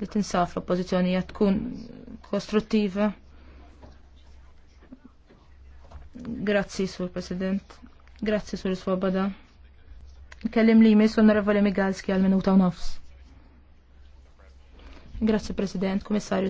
li tinsaf l-oppozizjoni tkun kostruttiva. Grazzi, Sur President. Grazzi, Sur Swoboda. Kellim li jmiss Onorevoli Migalski għal minuta u nofs. Grazzi, President, Komissarju